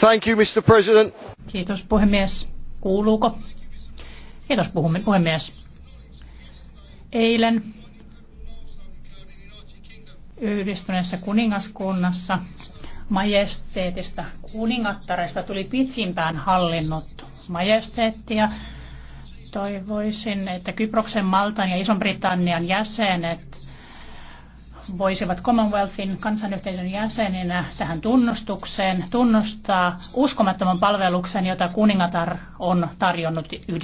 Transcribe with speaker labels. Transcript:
Speaker 1: Thank Mr. President.
Speaker 2: Kiitos puhemies. Kuuluuko? Kiitos puhemies. Eilen yhdistyneessä kuningaskunnassa majesteetista kuningattaresta tuli pitsimpään hallinnut majesteetti ja toivoisin, että Kyproksen, Maltan ja Ison-Britannian jäsenet voisivat Commonwealthin kansanyhteisön jäseninä tähän tunnustukseen tunnustaa uskomattoman palveluksen, jota kuningatar on tarjonnut